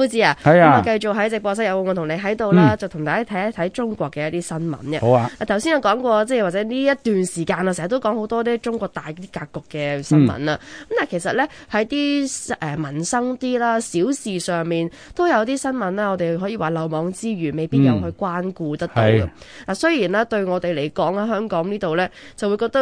係啊，咁啊、嗯，繼續喺直播室有我同你喺度啦，就同大家睇一睇中國嘅一啲新聞嘅。好啊，頭先有講過，即係或者呢一段時間啊，成日都講好多啲中國大啲格局嘅新聞啦。咁、嗯、但係其實咧，喺啲誒民生啲啦、小事上面，都有啲新聞啦。我哋可以話漏網之魚，未必有去關顧得到嗱，嗯、雖然呢，對我哋嚟講咧，香港呢度咧就會覺得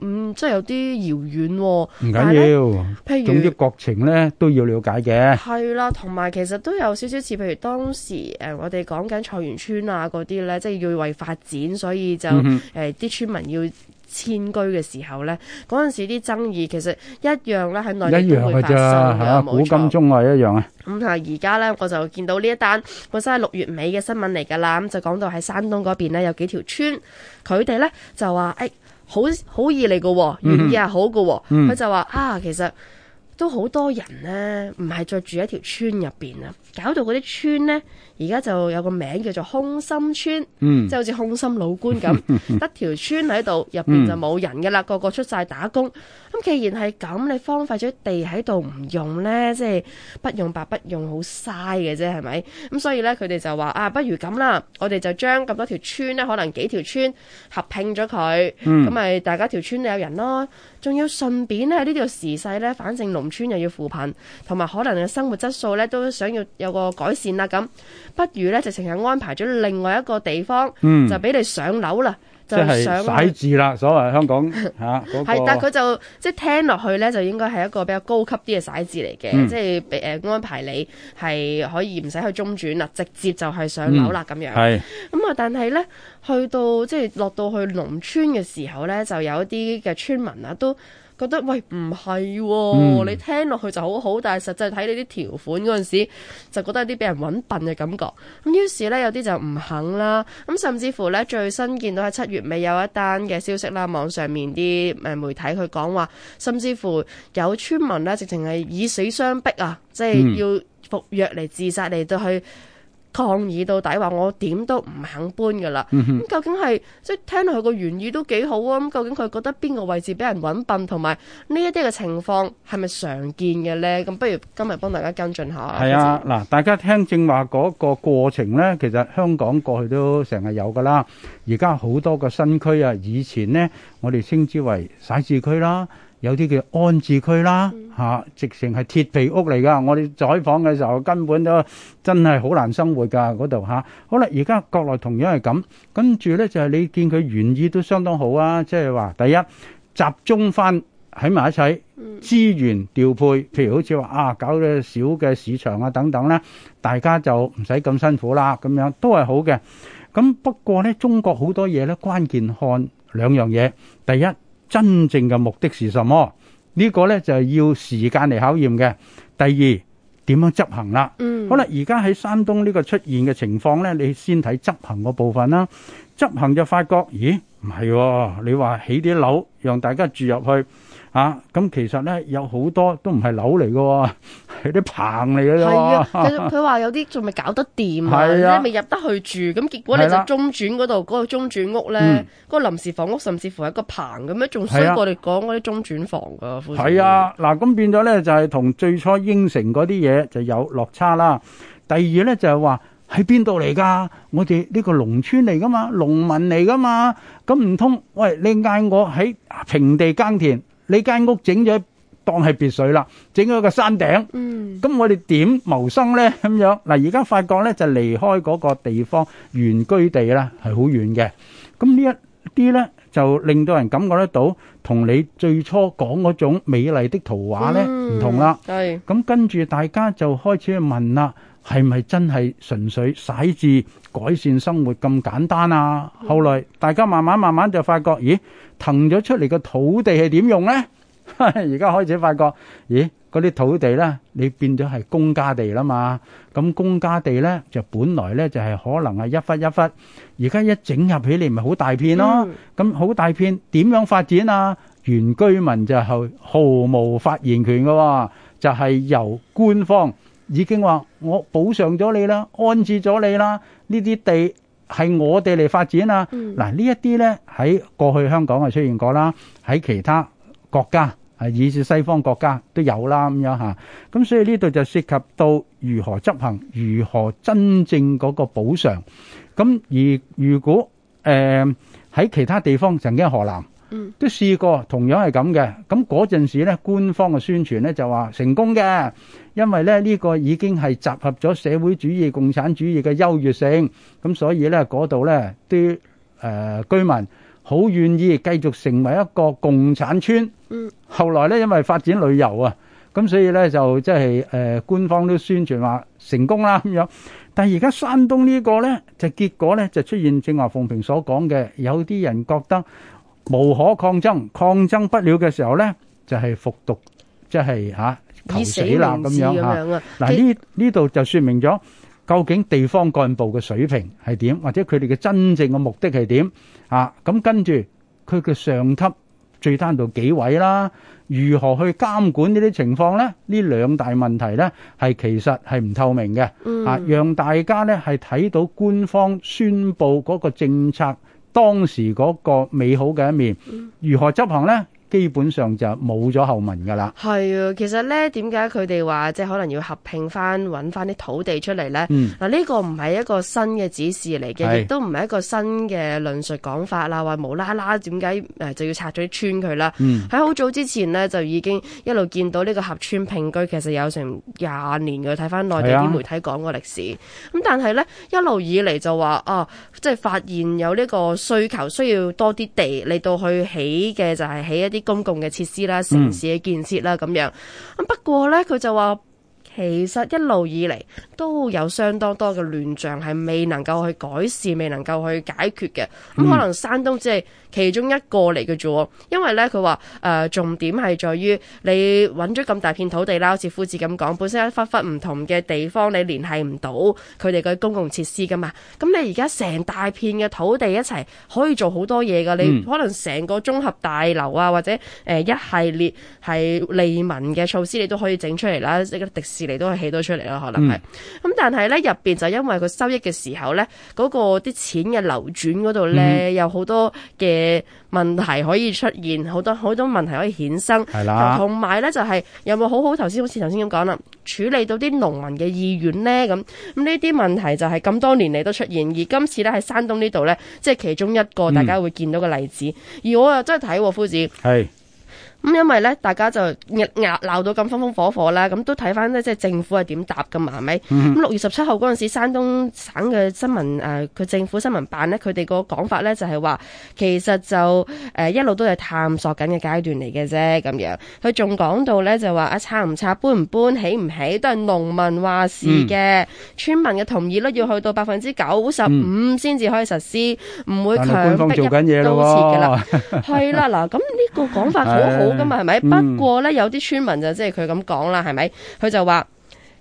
嗯即係、嗯、有啲遙遠唔緊要，呢譬如總之國情咧都要了解嘅。係啦、啊，同埋其實。都有少少似，譬如當時誒，我哋講緊菜園村啊嗰啲咧，即係要為發展，所以就誒啲、嗯哼呃、村民要遷居嘅時候咧，嗰陣時啲爭議其實一樣咧喺內地一樣嘅啫吓，啊、錯古今中外一樣啊。咁啊、嗯，而家咧我就見到呢一單，本身係六月尾嘅新聞嚟噶啦，咁就講到喺山東嗰邊咧有幾條村，佢哋咧就話誒、哎、好好易嚟噶，願意係好噶、啊，佢、嗯、哼就話啊，其實。都好多人咧，唔係再住喺條村入邊啊，搞到嗰啲村咧，而家就有個名叫做空心村，嗯，即係好似空心老官咁，得條 村喺度，入邊就冇人嘅啦，嗯、個個出晒打工。咁、嗯、既然係咁，你荒廢咗地喺度唔用咧，即、就、係、是、不用白不用，好嘥嘅啫，係、嗯、咪？咁所以咧，佢哋就話啊，不如咁啦，我哋就將咁多條村咧，可能幾條村合併咗佢，咁咪、嗯、大家條村有人咯，仲要順便咧呢條時勢咧，反正農。農村又要扶貧，同埋可能嘅生活質素咧都想要有個改善啦，咁不如咧就成日安排咗另外一個地方，嗯、就俾你上樓啦，就上寫字樓啦。所謂香港吓嗰個，但佢就即係聽落去咧，就應該係一個比較高級啲嘅寫字嚟嘅。即係誒安排你係可以唔使去中轉啦，直接就係上樓啦咁樣。係咁啊，但係咧去到即係落到去農村嘅時候咧，就有一啲嘅村民啊都。覺得喂，唔係喎，哦嗯、你聽落去就好好，但係實際睇你啲條款嗰陣時，就覺得有啲俾人揾笨嘅感覺。咁於是呢，有啲就唔肯啦。咁甚至乎呢，最新見到喺七月尾有一單嘅消息啦，網上面啲媒體佢講話，甚至乎有村民呢，直情係以死相逼啊，即係要服藥嚟自殺嚟、嗯、到去。抗議到底話我點都唔肯搬噶啦，咁、嗯、哼究竟係即係聽落去個原意都幾好啊！咁究竟佢覺得邊個位置俾人揾笨，同埋呢一啲嘅情況係咪常見嘅咧？咁不如今日幫大家跟進下。啊，嗱始，大家聽正話嗰個過程咧，其實香港過去都成日有噶啦，而家好多個新區啊，以前咧，我哋稱之為徙置區啦。有啲叫安置區啦，嚇，直情係鐵皮屋嚟噶。我哋採訪嘅時候根本都真係好難生活噶，嗰度嚇。好啦，而家國內同樣係咁，跟住咧就係你見佢原意都相當好啊。即係話第一集中翻喺埋一齊，資源調配，譬如好似話啊，搞嘅小嘅市場啊等等咧，大家就唔使咁辛苦啦，咁樣都係好嘅。咁不過咧，中國好多嘢咧，關鍵看兩樣嘢，第一。真正嘅目的是什麼？呢個咧就係要時間嚟考驗嘅。第二點樣執行啦？嗯，好啦，而家喺山東呢個出現嘅情況咧，你先睇執行個部分啦。執行就發覺，咦，唔係啊，你話起啲樓，讓大家住入去。啊！咁其實咧，有好多都唔係樓嚟嘅，係啲棚嚟嘅啫。係啊，其實佢話有啲仲未搞得掂，你未入得去住，咁結果你就中轉嗰度嗰個中轉屋咧，嗰個臨時房屋甚至乎係一個棚咁樣，仲衰過我哋講嗰啲中轉房㗎。係啊，嗱咁變咗咧，就係同最初應承嗰啲嘢就有落差啦。第二咧就係話喺邊度嚟㗎？我哋呢個農村嚟㗎嘛，農民嚟㗎嘛，咁唔通喂你嗌我喺平地耕田？你間屋整咗當係別墅啦，整咗個山頂，咁我哋點謀生咧咁樣？嗱，而家發覺咧就離開嗰個地方原居地啦，係好遠嘅。咁呢一啲咧就令到人感覺得到同你最初講嗰種美麗的圖畫咧唔同啦。係，咁跟住大家就開始去問啦。係咪真係純粹徙置改善生活咁簡單啊？後來大家慢慢慢慢就發覺，咦，騰咗出嚟個土地係點用咧？而家開始發覺，咦，嗰啲土地咧，你變咗係公家地啦嘛。咁公家地咧，就本來咧就係可能係一忽一忽，而家一整合起嚟咪好大片咯。咁好大片點樣發展啊？原居民就毫毫無發言權嘅喎，就係由官方。已經話我補償咗你啦，安置咗你啦，呢啲地係我哋嚟發展啊。嗱，呢一啲呢，喺過去香港係出現過啦，喺其他國家係以至西方國家都有啦咁樣吓。咁所以呢度就涉及到如何執行，如何真正嗰個補償。咁而如果誒喺其他地方，曾經河南都試過，同樣係咁嘅。咁嗰陣時呢，官方嘅宣傳呢就話成功嘅。因為咧呢個已經係集合咗社會主義、共產主義嘅優越性，咁所以咧嗰度咧啲誒居民好願意繼續成為一個共產村。嗯。後來咧，因為發展旅遊啊，咁所以咧就即係誒官方都宣傳話成功啦咁樣。但係而家山東呢個咧，就結果咧就出現正話鳳平所講嘅，有啲人覺得無可抗爭，抗爭不了嘅時候咧，就係服毒，即係嚇。求死啦咁樣吓，嗱呢呢度就說明咗究竟地方幹部嘅水平係點，或者佢哋嘅真正嘅目的係點啊？咁跟住佢嘅上級，最單到紀委啦，如何去監管呢啲情況咧？呢兩大問題咧，係其實係唔透明嘅，吓、啊，讓大家咧係睇到官方宣布嗰個政策當時嗰個美好嘅一面，如何執行咧？基本上就冇咗後文噶啦。係啊，其實咧點解佢哋話即係可能要合併翻揾翻啲土地出嚟咧？嗱呢、嗯、個唔係一個新嘅指示嚟嘅，亦都唔係一個新嘅論述講法啦。話無啦啦點解誒就要拆咗啲村佢啦？喺好、嗯、早之前咧就已經一路見到呢個合村併居，其實有成廿年嘅。睇翻內地啲媒體講過歷史。咁是、啊、但係咧一路以嚟就話啊，即係發現有呢個需求，需要多啲地嚟到去起嘅就係起一啲。啲公共嘅設施啦，城市嘅建設啦，咁、嗯、樣。咁不過咧，佢就話。其實一路以嚟都有相當多嘅亂象，係未能夠去改善、未能夠去解決嘅。咁可能山東只係其中一個嚟嘅啫。因為咧，佢話誒重點係在於你揾咗咁大片土地啦，好似夫子咁講，本身一忽忽唔同嘅地方，你聯繫唔到佢哋嘅公共設施噶嘛。咁你而家成大片嘅土地一齊，可以做好多嘢噶。你可能成個綜合大樓啊，或者誒、呃、一系列係利民嘅措施，你都可以整出嚟啦。一個迪士尼。都係起多出嚟咯，可能係。咁、嗯、但係咧入邊就因為個收益嘅時候咧，嗰、那個啲錢嘅流轉嗰度咧，嗯、有好多嘅問題可以出現，好多好多問題可以衍生。係啦、的，同埋咧就係、是、有冇好好頭先好似頭先咁講啦，處理到啲農民嘅意願咧咁咁呢啲問題就係咁多年嚟都出現，而今次咧喺山東呢度咧，即、就、係、是、其中一個大家會見到嘅例子。嗯、而我又真係睇，夫子。係。咁因為咧，大家就鬧鬧到咁風風火火啦，咁都睇翻咧，即係政府係點答㗎嘛？係咪？咁六月十七號嗰陣時，山東省嘅新聞誒，佢政府新聞辦咧，佢哋個講法咧就係話，其實就誒一路都係探索緊嘅階段嚟嘅啫。咁樣佢仲講到咧，就話啊拆唔拆，搬唔搬，起唔起都係農民話事嘅，村民嘅同意率要去到百分之九十五先至可以實施，唔會強逼一刀切㗎啦。係啦，嗱，咁呢個講法好好。好咁啊，係咪？嗯、不過咧，有啲村民就即係佢咁講啦，係咪？佢就話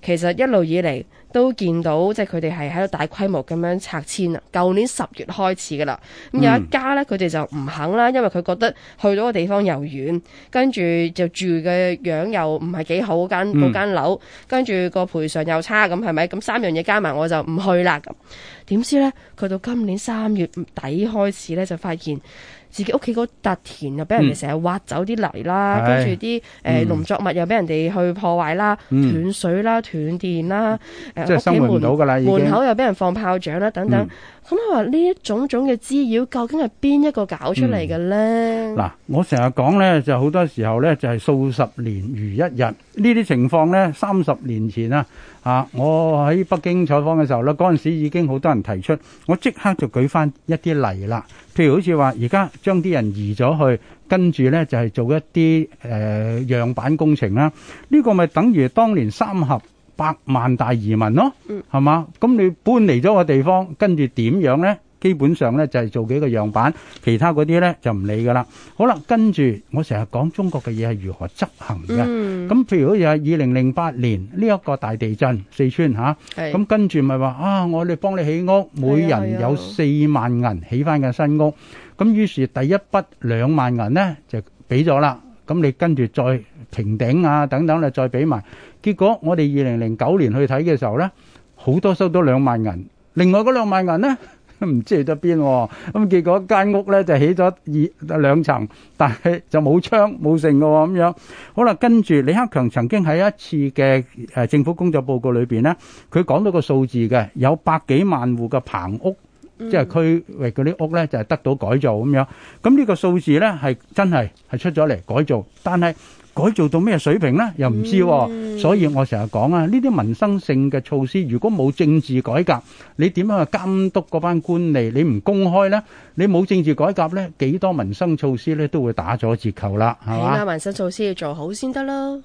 其實一路以嚟都見到，即係佢哋係喺度大規模咁樣拆遷啦。舊年十月開始噶啦，咁有一家咧，佢哋就唔肯啦，因為佢覺得去到個地方又遠，跟住就住嘅樣又唔係幾好，間嗰間樓，跟住、嗯、個賠償又差，咁係咪？咁三樣嘢加埋，我就唔去啦。咁點知咧？去到今年三月底開始咧，就發現。自己屋企嗰笪田又俾人哋成日挖走啲泥啦，跟住啲誒農作物又俾人哋去破壞啦，斷、嗯、水啦、斷電啦，誒屋企門口又俾人放炮仗啦，等等。嗯咁你話呢一種種嘅滋擾，究竟係邊一個搞出嚟嘅咧？嗱、嗯，我成日講咧，就好多時候咧，就係、是、數十年如一日呢啲情況咧。三十年前啊，啊，我喺北京採訪嘅時候咧，嗰陣時已經好多人提出，我即刻就舉翻一啲例啦。譬如好似話而家將啲人移咗去，跟住咧就係、是、做一啲誒、呃、樣板工程啦。呢、這個咪等於當年三峽。百萬大移民咯，係嘛？咁你搬嚟咗個地方，跟住點樣咧？基本上咧就係做幾個樣板，其他嗰啲咧就唔理噶啦。好啦，跟住我成日講中國嘅嘢係如何執行嘅。咁譬如好似係二零零八年呢一個大地震，四川嚇。咁跟住咪話啊，我哋幫你起屋，每人有四萬銀起翻嘅新屋。咁於是第一筆兩萬銀咧就俾咗啦。咁你跟住再平頂啊等等，你再俾埋。結果我哋二零零九年去睇嘅時候咧，好多收到兩萬銀，另外嗰兩萬銀咧唔知去咗邊。咁結果間屋咧就起咗二兩層，但係就冇窗冇剩嘅咁樣。好啦，跟住李克強曾經喺一次嘅誒政府工作報告裏邊咧，佢講到個數字嘅，有百幾萬戶嘅棚屋，即係區域嗰啲屋咧就係得到改造咁樣。咁呢個數字咧係真係係出咗嚟改造，但係。改造到咩水平咧？又唔知，所以我成日講啊，呢啲民生性嘅措施，如果冇政治改革，你點樣去監督嗰班官吏？你唔公開咧，你冇政治改革咧，幾多民生措施咧都會打咗折扣啦，係嘛？民生措施要做好先得咯。